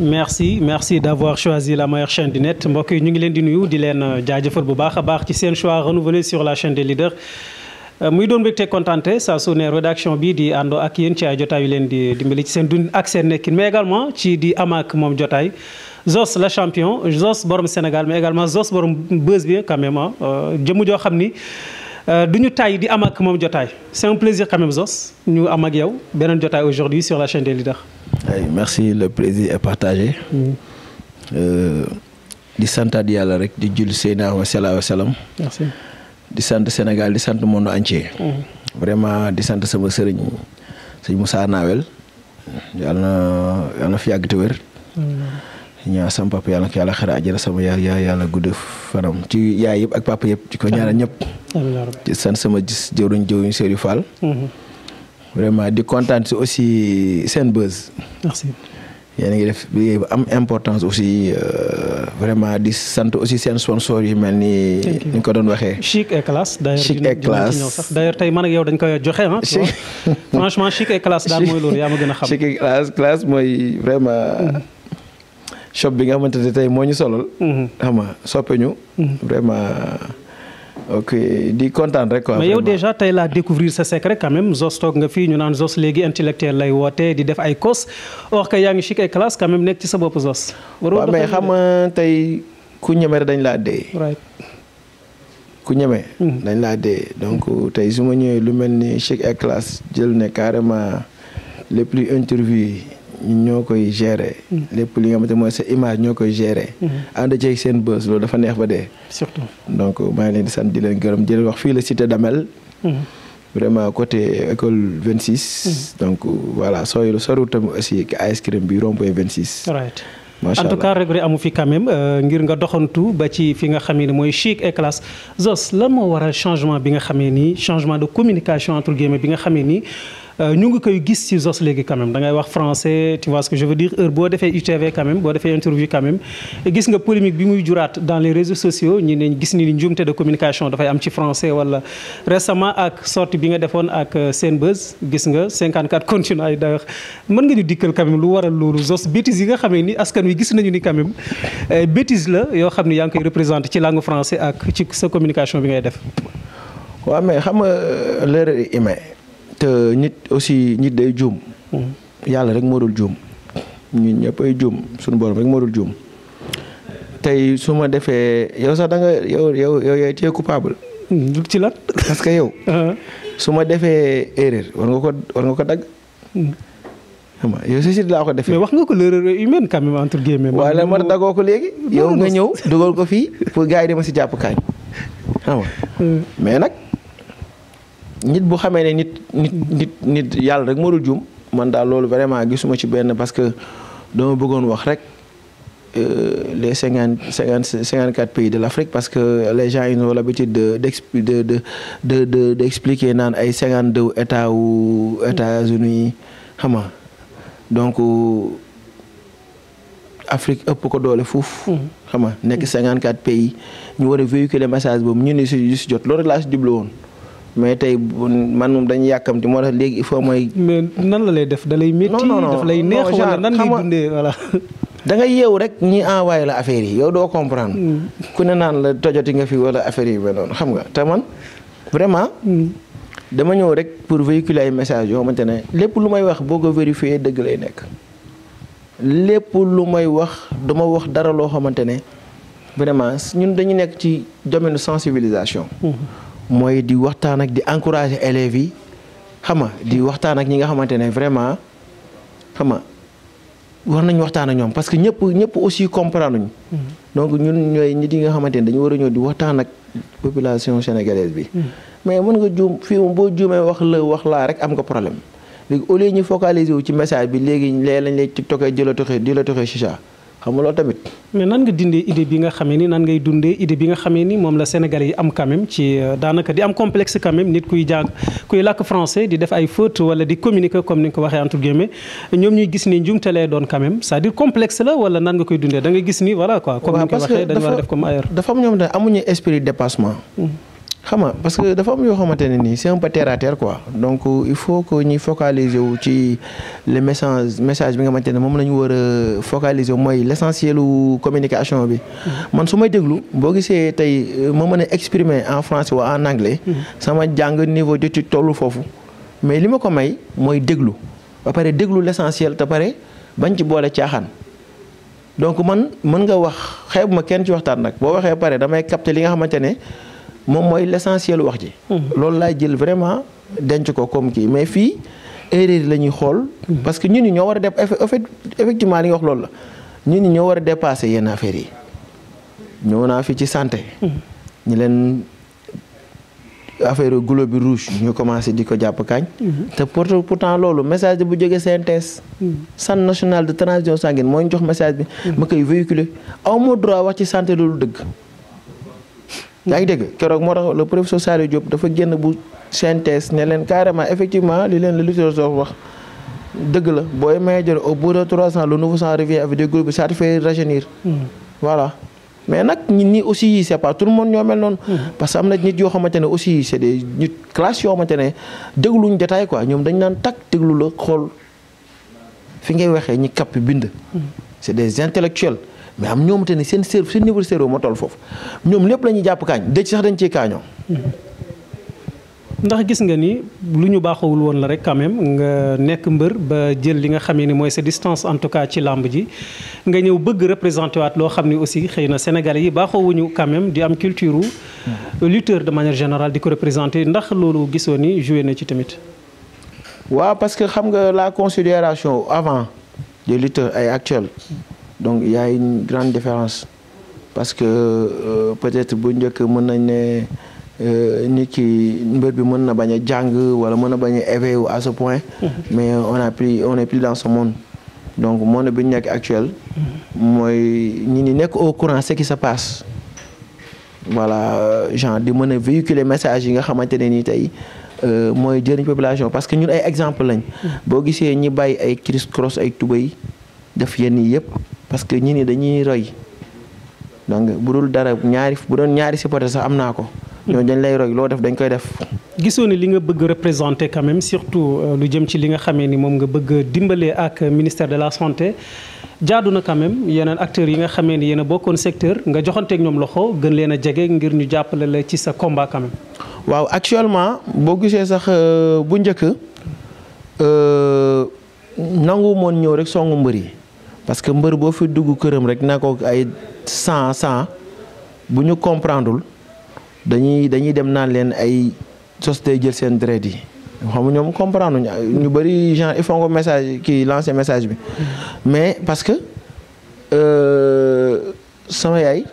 merci merci d'avoir choisi la meilleure chaîne du net mbokk yi ñu ngi leen di nuyu di leen euh, jaajëfal bu baax a baax ci seen choix renouvelé sur la chaîne des leaders. Euh, muy doon mbégte kontante saa su ne rédaction bi di àndoo ak yéen ci ay jotaay yu leen di dimbali ci seen dund ak seen nekkin mais également ci di amaak moom jotaay Zos la champion Zos borom Sénégal mais également Zos borom buzz bi quand même euh, jëmm joo xam ni. du ñu tay di am ak moom jotaay c'est un plaisir ñu am ak yow beneen jotaay aujourd'hui sur la chaîne des leaders. ay merci le plaisir est partagé. Mm. Euh, di santaat yàlla rek di jull Seydina wa salaa wa salaam. di sant Sénégal di sant monde entier. Mm. vraiment di sant sama sëriñ sëñ Moussa Nawel. yàlla na yàlla na fi mm. sama papa yàlla na ko yàlla xara ajara sama yaay yàlla gudd fanam ci yaay yëpp ak papa yëpp ci ko ñaanal ñëpp. di sant sama gis jëwriñ jëwriñ Serigne vraiment di kontaan si aussi seen buzz. merci. yéen a ngi def liggéey bu am importance aussi euh, vraiment di sant aussi seen sponsor yu mel ni. ni ko doon waxee. chic et classe d'ailleurs chic et classe d'ailleurs tey man ak yow dañ koy joxe ah. franchement chic et classe daal mooy loolu yaa ma gën a xam. chic et classe classe mooy vraiment. Mm-hmm. shop bi nga xamante ne tey moo ñu solal. Mm-hmm. xam nga soppe ñu. Mm-hmm. vraiment. ok di kontaan rek quoi. mais yow déjà tey laa découvrir sa secret rek même Zos toog nga fii ñu naan Zos léegi intellectuel lay woote di def ay cos or que yaa ngi chic ay classe quand même nekk ci sa bopp Zos. waroo mais xam nga tey ku ñeme rek dañ laa dee. ku ñeme. Hmm. dañ laa dee donc tey su ma ñëwee lu mel ni chic et classe jël ne carrément les plus interview yi ñun ñoo koy gérer. Mm-hmm. lépp li nga xamante mooy sa image ñoo koy gérer. a mm-hmm. ceeg seen bës loolu dafa neex ba dee. surtout donc maa ngi leen di sant di leen gërëm di leen wax fii la mm-hmm. donc voilà sooy soriwul tam bi rond right. macha allah en tout cas regret ni euh, mooy chic et bi nga xamee ni communication entre guillemets bi nga xamee ni. Euh, ñu ngi koy gis ci Zos léegi quand même da ngay wax français tu vois ce je veux dire heure boo defee UTV quand boo defee interview quand gis nga polémique bi muy juraat dans les réseaux sociaux ñi ne gis ni njuumte de communication dafay am ci français wala récemment ak sortie bi nga defoon ak euh, Senbuzz gis nga 54 continents yi d'ailleurs mën nga ñu dikkal quand même lu waral loolu Zos bêtises yi nga xamee ni askan wi gis nañu ni quand même euh, la yoo xam ne yaa ngi koy représenté ci langue français ak ci sa communication bi ngay def waaw xam nga l'erreur te nit aussi nit day juum. yàlla rek moo dul juum ñun ñëpp ay juum suñu borom rek moo dul juum tey su ma defee yow sax da nga yow yow yow yaay téye coupable. ci lan. parce que yow. Uh-huh. su ma defee erreur war nga ko war nga ko dagg. xam mm. nga yow si si laa ko defee. mais wax nga ko l'erreur humaine quand même entre guillemets. waaw lan moo tax daggoo léegi. yow nga ñëw dugal ko fii pour gaa yi di ma si jàpp kañ. xam mm. nag. nit bu xamee ne nit nit nit nit yàlla rek moo dul man daal loolu vraiment gisuma ci benn parce que dama bëggoon wax rek euh, les cinquante cinquante cinquante quatre pays de l' Afrique parce que les gens ils ont l'habitude de de de de de d' expliquer naan ay cinquante deux état wu États-Unis xam nga Afrique ëpp ko doole foofu. Mm. xam nga nekk cinquante quatre pays ñu war a véhiculer message boobu ñu ne si jot loolu laa si jublu woon. mais tey man moom dañuy yàkkamti moo tax léegi il faut mooy. nan la lay def da lay métti. daf lay neex wala nan lay dundee voilà. da nga yeewu rek ñi envoyé la affaire yi yow doo comprendre. Mm. ku ne naan la tojoti nga fi wala affaire yi ba noonu xam nga te man vraiment. Mm. dama ñëw rek pour véhiculer ay message yoo xamante ne lépp lu may wax boo ko vérifié dëgg lay nekk. lépp lu may wax duma wax dara loo xamante ne vraiment ñun dañu nekk ci domaine sensibilisation. Mm-hmm. mooy di waxtaan ak di encourager élèves yi xam nga di waxtaan ak ñi nga xamante ne vraiment xam nga war nañ waxtaan ak ñoom parce que ñëpp ñëpp aussi comprendre ñu mm-hmm. donc ñun ñooy nit yi nga xamante ne dañu war a ñëw di waxtaan ak population sénégalaise bi. Mm-hmm. mais mën nga juum fii moom boo juumee wax la wax laa rek am nga problème léegi au lieu ñu focaliser wu ci message bi léegi léeg lañ lay toog a jëloon toxee di la toxee chicha xam nga loolu tamit. mais nan nga dindee idée bi nga xamee ni nan ngay dundee idée bi nga xamee ni moom la Sénégalais yi am quand même ci euh, daanaka di am complexe quand nit kuy jàng kuy làkk français di def ay fautes wala di communiquer comme ni nga ko waxee entre guillemets ñoom ñuy gis ni njumte lay doon quand même cest à la wala nan nga koy dundee da nga gis ni voilà quoi. comme ni nga waxee dañu war def comme ailleurs. dafa am ñoom dañu amuñu esprit de dépassement. Hmm. xam nga parce que dafa am yoo xamante ne nii c'est un peu terre quoi donc il faut que ñuy focaliser wu ci le message message bi nga xamante ne moom la ñu war a focaliser wu mooy l'essentiel communication bi. Mm-hmm. man su ma déglu boo gisee tey euh, ma mën exprimer en france waa en anglais. Mm-hmm. sama jàng niveau d'étude tollu foofu mais li ma ko may mooy déglu ba pare déglu l'essentiel te pare bañ ci boole caaxaan. donc man mën nga wax xeebu ma kenn ci waxtaan nag boo waxee pare damay capter li nga xamante ne. moom mooy l'essentiel wax ji. Mhm. loolu laay jël vraiment denc ko comme kii mais fii erreur la ñuy xool. Mhm. parce que ñun yi ñoo war a def effectivement li nga wax loolu la ñun ñi ñoo war a dépasser yenn affaires yi ñëw naa fi ci santé. Mhm. ñu leen affaire gulo bi rouge ñu commencé di ko jàpp kañ. te pour pourtant loolu message bu jege CNTS. san national de transfusion sanguine mooy ñu jox message bi. ma koy véhiculer aw ma droit wax ci santé loolu dëgg. yaa ngi dégg keroog moo tax le professeur Saliou Diop dafa génn bu synthèse ne leen carrément effectivement lii leen le littérateur wax dëgg la booy manager au bout de trois ans le nouveau sang revient hmm. mais nag nit ñi aussi c'est pas tout le monde ñoo mel noonu hmm. parce que am na nit yoo xamante ne aussi c'est des nit classe yoo xamante ne dégluñ détail quoi ñoom dañ naan takk déglu la xool fi ngay weexee ñi kapp bind hmm. c'est des intellectuels mais am ñoom te ne seen cerveau seen niveau cerveau moo toll foofu ñoom lépp la jàpp kaañ dëj sax dañ ciy kaañoo. ndax gis nga ni lu ñu baaxawul woon la rek quand même nga nekk mbër ba jël li nga xamee ni mooy sa distance en tout cas ci làmb ji nga ñëw bëgg représenté waat loo xam ni aussi xëy na sénégal yi baaxawuñu quand même di am culture lutteur de manière générale di ko représenté ndax loolu gisoo ni joué na ci tamit. waaw parce que xam nga laa considération avant des ay actuels donc y une grande différence parce que euh, peut-être bu njëkk mën nañ ne euh, nit ki mbër bi mën na bañ a jàng wala mën na bañ a éveiller à ce point. Mhm. mais on a plus on est plus dans ce monde. donc monde bi ñu nekk actuel. Mhm. mooy ñi ni nekk au courant ce qui se passe. voilà euh, genre di mën a véhiculer message yi nga xamante ne nii tey mooy jëriñ population parce que ñun ay exemple lañ. Mhm. boo gisee ñi bay ay criss cross ay tubéy def yenn yi yëpp. parce que ñin ni dañuy roy donc bu dul dara ñaari bu doon ñaari supporter sax am naa ko. ñoo dañ lay roy loo def dañ koy def. gisoo ne li nga bëgg représenter quand surtout euh, lu jëm ci li nga xamee ni moom nga bëgg dimbalee ak ministère de la santé jaadu na quand même yeneen acteurs yi nga xamee ni yéen a bokkoon secteur nga joxanteeg ñoom loxo gën leen a jege ngir ñu jàppale la ci sa combat waaw actuellement boo gisee sax euh, bu njëkk euh, nangu moon ñëw rek songu mbër yi parce que mbër boo fi dugg këram rek naa ko ay cent cent bu ñu comprendreul dañuy dañuy dem naa leen ay société jël seen dret yi xam ñoom comprendre ñu bëri genre il faut message kii lancé message bi mais parce que euh, sama yaay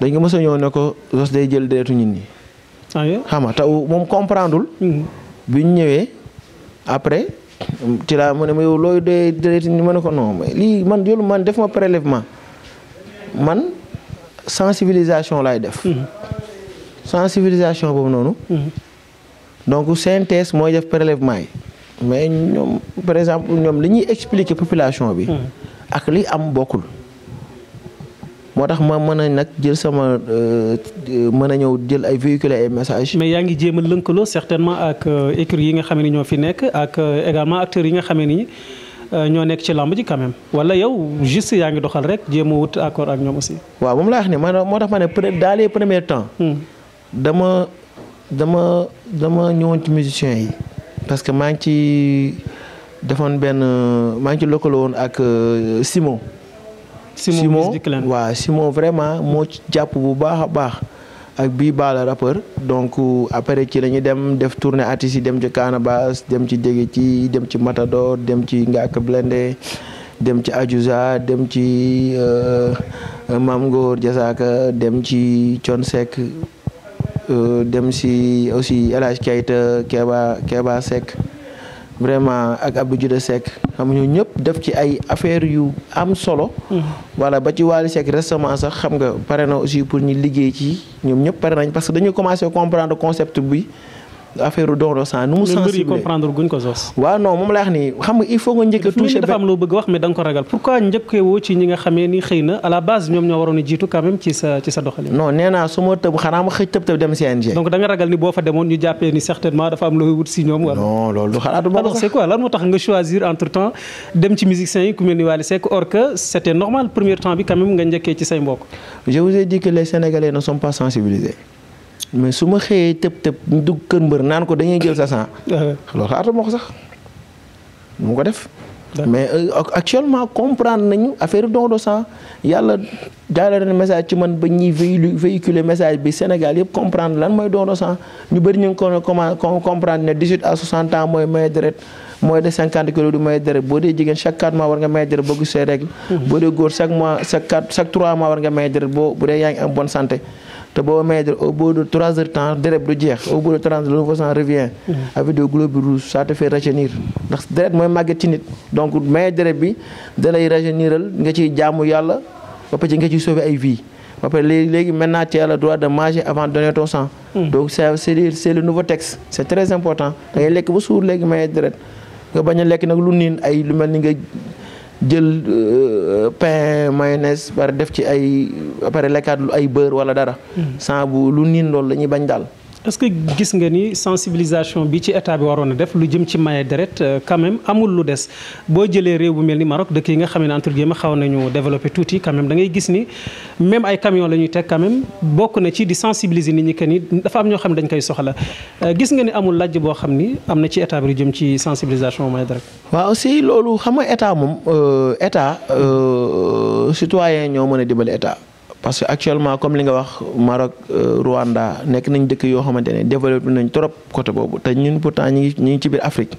dañ ko mës ñëw ne ko day jël deretu nit ñi. Ah taw moom comprendreul mhm. bi ñu ñëwee après. ci laa ma ne ma yow looy doyee deret ni ma ne ko non lii man yoolu man def ma prélèvement man sensibilisation laay def mhm. sensibilisation boobu noonu mhm. donc synthèse mooy def prélèvement yi mais ñoom par exemple ñoom li ñuy expliquer population bi mhm. ak li am bokkul moo tax ma mën a nag jël sama euh, mën a ñëw jël ay véhiculer ay message mais yaa ngi jéem a lëkkaloo certainement ak euh, écuries yi nga xam ne ñoo fi nekk ak euh, également yi nga xam ne ñoo nekk ci lamb ji quand même wala yow juste yaa ngi doxal rek jéem wut accord ak ñoom aussi. waaw moom laa wax ne man moo tax ma ne dans les premiers temps. Hmm. dama dama dama ñëwoon ci musiciens yi. parce que maa ngi ci defoon benn maa ngi ci lëkkaloo woon ak Simon. Simon waaw Simon vraiment moo ci jàpp bu baax a baax ak bii baala rappeur donc euh, après ci la dem def tournée artistes yi dem ci Canabasse dem ci Dégé ci dem ci Matador dem ci Ngaaka Blindé dem ci Adjouza dem ci euh, Mame Ngor Diazaka dem ci Thione Seck euh, dem si aussi El Hadj Keita Keba sek vraiment ak Abdou Jude sek xam nga ñëpp def ci ay affaire yu am solo. Hmm. voilà ba ci Wally Seck récemment sax xam nga pare na aussi pour ñu liggéey ci ñoom ñëpp pare nañ parce que dañu commencé comprendre concept bi. affaire don sang nu mu sensibiliser waaw non moom laa wax ni xam il faut nga njëkk a touché dafa nga xamee ni xëy na à la base ñoom ñoo waroon a jiitu quand même ci sa ci sa doxalin non nee naa su ma tëb xanaa ma xëj tëb tëb dem CNG donc da nga ragal ni boo fa demoon ñu jàppee ni certainement yi ku mel ni Wally Seck or que c'était normal premier temps bi quand nga njëkkee ci say mbokk je vous ai dit que ne sont pas sensibilisés mais su ma xëyee tëb tëb ñu dugg kër mbër naan ko dañuy jël sa sang. loolu xaatuma ko sax mu ko def. mais euh, actuellement comprendre nañu affaire don de sang yàlla jaarale na message ci man ba ñuy véhiculer message bi de ñu bëri ñu ngi ko comment comprendre ne deret boo dee jigéen chaque 4 mois war nga may deret boo gisee règle. Mm-hmm. boo dee chaque mois chaque war nga may deret boo bu dee yaa ngi am bonne santé. te boo mettre au bout de trois heures de temps deret du jeex au bout de trente le nouveau sang revient. avec des globules rouges ça te fait ndax deret mooy màgget ci donc may deret bi da lay rajeuniral jaamu yàlla ba pare nga ciy ay vie ba léegi léegi maintenant droit de manger avant de donner hmm. donc c' est c' est le très important da ngay lekk ba suur léegi may deret nga bañ a lekk nag lu niin ay lu mel ni nga. jël euh, pain mayonnaise pare def ci ay pare lekkaat lu ay beurre wala dara. Hmm. sans lu niin loolu la bañ daal. est-ce que gis nga ni sensibilisation bi ci état bi waroon a def lu jëm ci maye deret euh, quand amul lu des boo jëlee réew bu mel ni Maroc dëkk yi nga xam ne entre guillemets xaw nañu développé tuuti quand dangay gis ni même ay camion la ñuy teg quand même bokk na ci di sensibiliser nit ñi que ni dafa am ñoo xam ne dañ koy soxla euh, gis nga ni amul lajj boo xam ni am na ci état bi lu jëm ci sensibilisation maye deret. waa aussi loolu xam nga état moom euh, état citoyen ñoo mën a dimbali état. parce que actuellement comme li nga wax Maroc euh, Rwanda nekk nañ dëkk yoo xamante ne développé nañ trop côté boobu te ñun pourtant ñu ngi ñu ngi ci biir Afrique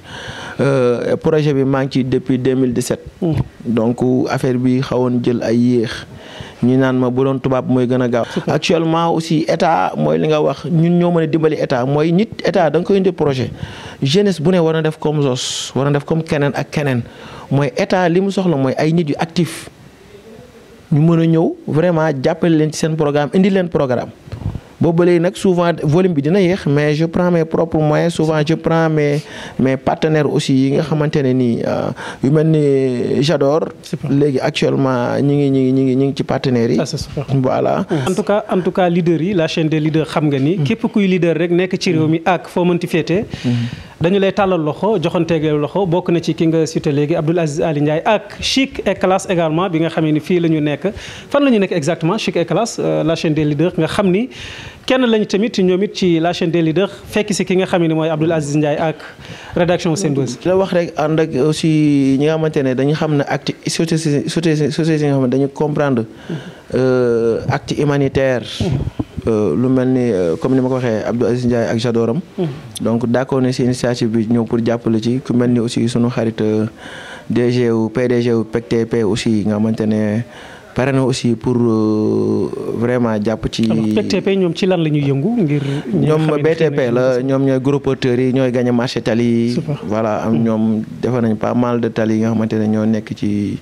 euh, projet bi maa ngi ci depuis 2017. Mm. donc affaire bi xawoon jël ay yéex. ñu naan ma bu doon tubaab mooy gën a gaaw. actuellement aussi état mooy li nga wax ñun ñoo mën a dimbali état mooy nit état da nga koy indi projet. jeunesse bu ne war na def comme Zos war na def comme keneen ak keneen mooy état ñu mën a ñëw vraiment jàppale leen ci seen programme indi leen programme boobu ba nag souvent volume bi dina yéex mais je prends mes propres moyens souvent je prends mais mes partenaires aussi yi nga xamante ne nii euh, yu mel ni j'adore léegi actuellement ñi ngi ñi ngi ñi ngi ñi ngi ci partenaires yi voilà en tout tout cas leader yi la chaîne des leaders xam nga ni mm-hmm. képp kuy leader rek nekk ci réew mi ak foo mënti féete mm-hmm. dañu lay tàllal loxo joxanteeg loxo bokk na ci ki nga cité léegi Abdoul Aziz Ali Ndiaye ak Chic et Classe également bi nga xamee ni fii la ñu nekk fan la ñu nekk exactement Chic et Classe euh, la chaîne des leaders nga xam ni kenn lañu tamit ñoom it ci la chaîne des leaders fekk si ki nga xam ne mooy Abdoul Aziz Ndiaye ak rédaction Sen ki la wax rek ànd ak aussi ñi nga xamante ne dañu xam ne acte société société nga xam ne dañu comprendre mm-hmm. euh, acte humanitaire. Mm-hmm. Euh, lu mel ni euh, comme ni ma ko waxee Abdou Aziz Ndiaye ak Jadoram mm-hmm. donc d'accord ne si initiative bi ñëw pour jàppale ci ku mel ni aussi sunu xarit euh, DG wu PDG wu PECTP aussi nga xamante ne pare na aussi pour euh, vraiment jàpp ci. BTP ñoom ci lan la ñuy yëngu ngir. ñoom BTP la ñoom ñooy gros porteurs yi ñooy gagné marché tali yi. am hmm. ñoom defe nañ pas mal de yi nga xamante ne ñoo nekk ci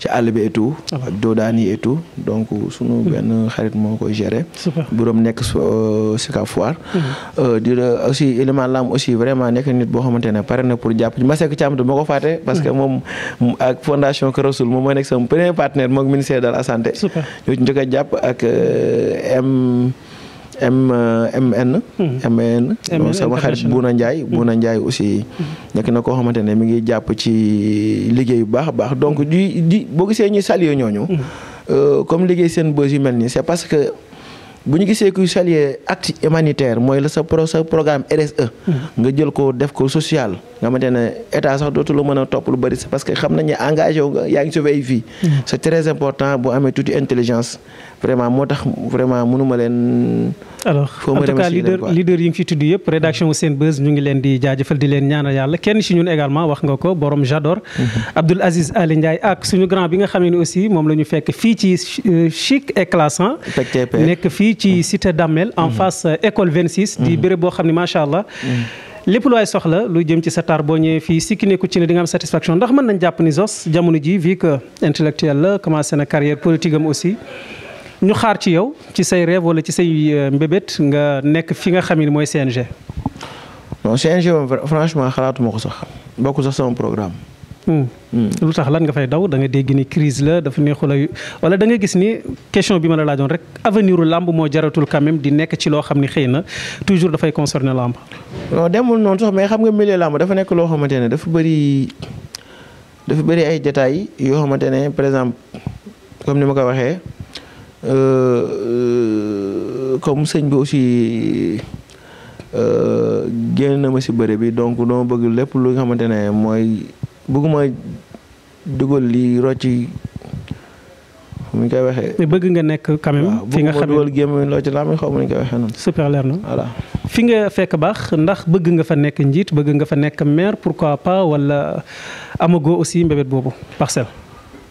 ci àll bi et tout. ak ah doodaan yi et tout donc sunu hmm. benn xarit moo koy gérer. Euh, hmm. euh, pare na pour jàpp ci Masseck Thiam du ko fàtte. parce que moom ak fondation Kër Rassoul moom mooy nekk sama premier partenaire moom ministère de la santé. ñu ci njëkk a jàpp ak euh, M. M euh, MN. Hmm. MN sama xarit Bouna Ndiaye. Hmm. Bouna Ndiaye aussi. Hmm. nekk na koo xamante ne mi ngi jàpp ci liggéey bu baax a baax donc di di boo gisee ñuy saluer ñooñu. Euh, comme liggéey seen bës mel nii c'est parce que. bu ñu gisee kuy saluer acte humanitaire mooy la sa pro sa programme RSE. Mm-hmm. nga jël ko def ko social. nga ma ne état sax dootu la mën a topp lu bëri parce que xam nañu engagé wu nga yaa ngi sauvé fii. Mm-hmm. c' est très important boo amee tuuti intelligence vraiment moo tax vraiment mënuma leen. alors en tout cas leader leader yi ngi fi tudd yëpp seen Senbuzz ñu ngi leen di jaajëfal di leen ñaanal yàlla kenn si ñun également wax nga ko borom j'adore mm-hmm. Abdoul Aziz Ali Ndiaye ak suñu bi nga xam ne aussi moom la ñu fekk fii ci euh, chic fii ci cité Damel. en mm. face euh, école 26. di mm. béréb boo xam ne macha allah. Mm. lépp lu waay soxla lu jëm ci sa taar boo ñëwee fii sikki nekku ci ne di nga am satisfaction ndax mën nañ jàpp ni Zoss jamono ji vu que intellectuel la commencé na carrière politique aussi. ñu xaar ci yow ci say rêve wala ci say euh, mbébét nga nekk fi nga xam ni mooy CNG. non CNG moom franchement xalaatuma ko sax bokkul sax sama programme. Hmm. Hmm. lu tax lan nga fay daw da nga dégg ni crise la dafa neexul ay wala da nga gis ni question bi ma la laajoon rek avenir u làmb moo jaratul quand même di nekk ci loo xam ni xëy na toujours dafay concerner làmb. non demul noonu sax mais xam nga milieu làmb dafa nekk loo xamante ne dafa bëri bëri ay détails yoo xamante ne par exemple comme ni ma ko waxee euh, euh, comme sëñ bi aussi. Euh, génn na ma si bëre bi donc dama bëgg lépp lu xamante ne mooy bëgguma dugal li rocci mu ñu koy waxee. bëgg nga nekk quand même. fi nga xam ne dugal gémmiñ loo ci laam xaw ma ñu koy waxee noonu. fi nga fekk baax ndax bëgg nga fa nekk njiit bëgg nga fa nekk maire pourquoi pas wala amago aussi mbébét boobu parcelle.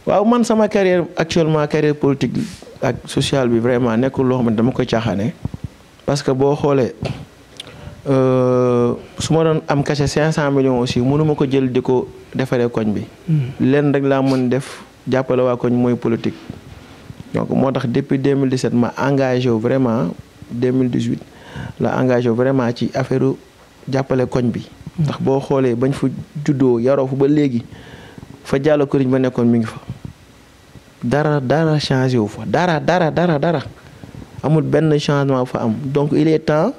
waaw man sama carrière actuellement carrière politique ak sociale bi vraiment nekkul loo xam ne dama koy caaxaane parce que boo xoolee. Euh, su ma doon am cachet cinq cent millions aussi mënuma ko jël di ko defaree koñ bi. Hmm. lenn rek laa mën def jàppale waa koñ mooy politique. donc moo tax depuis 2017 ma engagé wu vraiment 2018 la engagé vraiment ci affaire jàppale koñ bi. Hmm. ndax boo xoolee bañ fu juddoo yaroo fa ba léegi fa jàll riñ ba nekkoon mi ngi fa. dara dara changé wu fa dara dara dara dara amul benn changement fa am donc il est temps.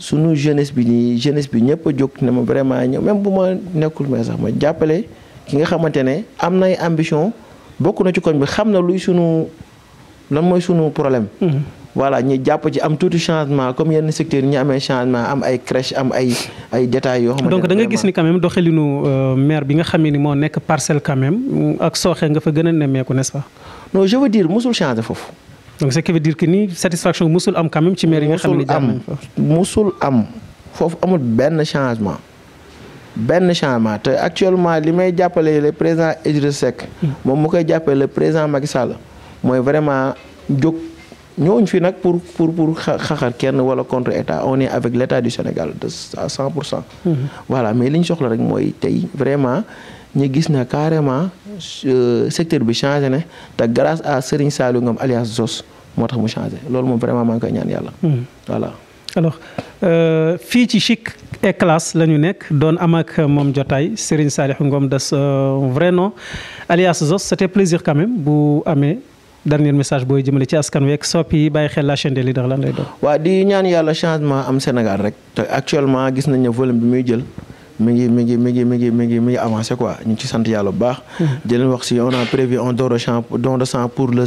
sunu jeunesse bi nii jeunesse bi ñëpp a jóg ne ma vraiment ñëw même bu ma nekkul mais sax ma jàppale ki nga xamante ne am nay ambition bokk na ci koñ bi xam na luy sunu lan mooy sunu problème. Hmm. voilà ñu jàpp ci am tuuti changement comme yenn secteur yi ñu amee changement am ay crèche am ay ay détails yoo. xamante donc da nga gis ni quand même doxalinu euh, maire bi nga xam ne ni moo nekk parcelle quand même ak sooxe nga fa gën a nemmeeku n'est-ce pas. non je veux dire mosul changer foofu. donc ce qui veut dire que ni satisfaction musul am quand ci maire xam ne am musul am foofu amul benn changement benn changement actuellement li may jàppale le président Idriss Seck. moom mu koy jàppale le président Macky Sall mooy vraiment jóg ñëwuñ fi nag pour pour pour xaxar kenn wala contre état on est avec l' état du Sénégal de à cent pour cent. li soxla rek mooy tey vraiment. ñu gis na carrément euh, secteur bi changé na te grâce à Serigne Saliou Ngom alias Zos moo tax mu changé loolu moom vraiment maa ngi koy ñaan yàlla. Hmm. voilà. alors euh, fii ci Chic et Classe la ñu nekk doon am ak moom jotaay Serigne Saliou Ngom de son vrai nom alias Zos c'était plaisir quand même bu amee. dernier message booy jëmale ci askan wi soppi yi bàyyi xel la chaîne des leaders lan lay doon. waa di ñaan yàlla changement am Sénégal rek te actuellement gis nañ ne volume bi muy jël mi ngi mi ngi mi ngi mi ngi mi ngi mi ngi avancé quoi ñu ci sant yàlla bu baax. Hmm. di leen wax si on a prévu un don de sang don de sang pour le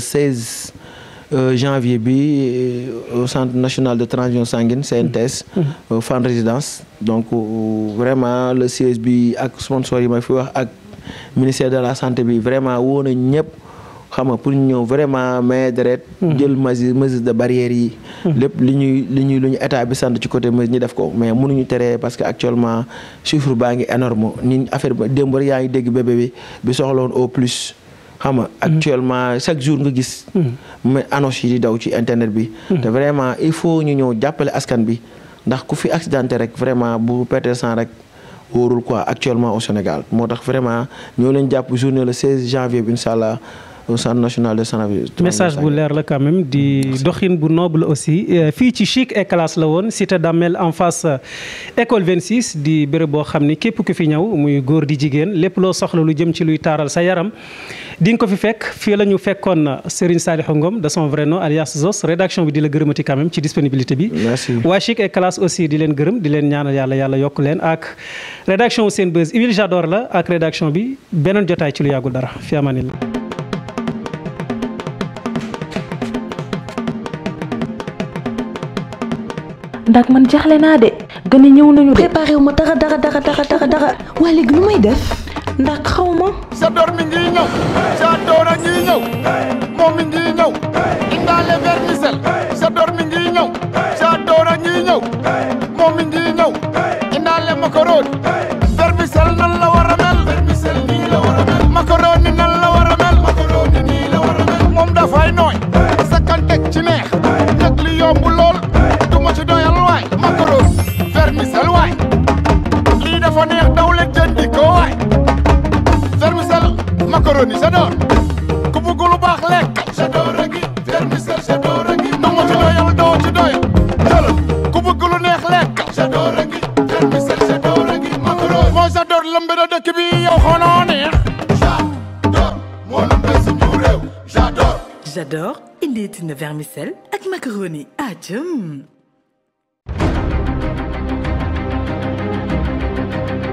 euh, janvier bi euh, au centre national de transfusion sanguine CNTS. Hmm. Hmm. Euh, Fann Résidence donc vraiment le siège bi ak sponsor yi ma fi wax ak ministère de la sant bi vraiment woo nañ ñëpp. xam nga pour ñu ñëw vraiment mais deret mhm. jël mesure mesure de barrière yi. Mhm. lépp lu ñuy li ñuy lu ñu état bi sant ci côté mesure ñu def ko mais mënuñu teree parce que actuellement chiffre baa ngi énorme ni affaire ba démb yaa ngi dégg bébé bi bi soxloon au plus. xam nga mhm. actuellement chaque jour nga gis. mais annonce yi di daw ci internet bi. te vraiment il faut ñu ñëw jàppale askan bi ndax ku fi accidenté rek vraiment bu perte sang rek. wóorul quoi actuellement au Sénégal moo tax vraiment ñoo leen jàpp journée le 16 janvier bi incha au centre national de Sanabi. message bu leer la quand même di doxin bu noble aussi euh, fii ci chic et classe la woon cité Damel en face euh, école 26 di béréb boo xam ni képp ku fi ñëw muy góor di jigéen lépp loo soxla lu jëm ci luy taaral sa yaram di ko fi fekk fii la ñu fekkoon euh, Serigne Salihou Ngom de son vrai nom alias Zos rédaction bi di la gërëmati quand même ci disponibilité bi. merci chic et classe aussi di leen gërëm di leen ñaanal yàlla yàlla yokk leen ak rédaction Senbuzz Ibil Jador la ak bi beneen jotaay ci lu dara fi ndax man jaaxle naa de gën a ñëw nañu de. préparé ma dara dara dara dara dara waaye léegi nu may def ndax xaw ma. sa door mi ngi ñëw sa door a ngi mi ngi ñëw indaale vermicelle sa door mi ngi ñëw sa door a ngi indaale macaroni. doyal waay macaron vermicelle waay lii dafa neex daw leen jëndi ko waay vermicelle macaroni j'adore ku bugg lu baax lekk j'adore ak vermicelle j'adore ak dama ci doyal doo ci doyal jëlal ku bugg lu neex lekk j'adore ak vermicelle j'adore ak macaron moo j'adore lëmbe na dëkk bi yow xonoo neex j'adore moo lëmbe suñu réew j'adore j'adore indeeti na vermicelle ak macaroni ah jëm thank you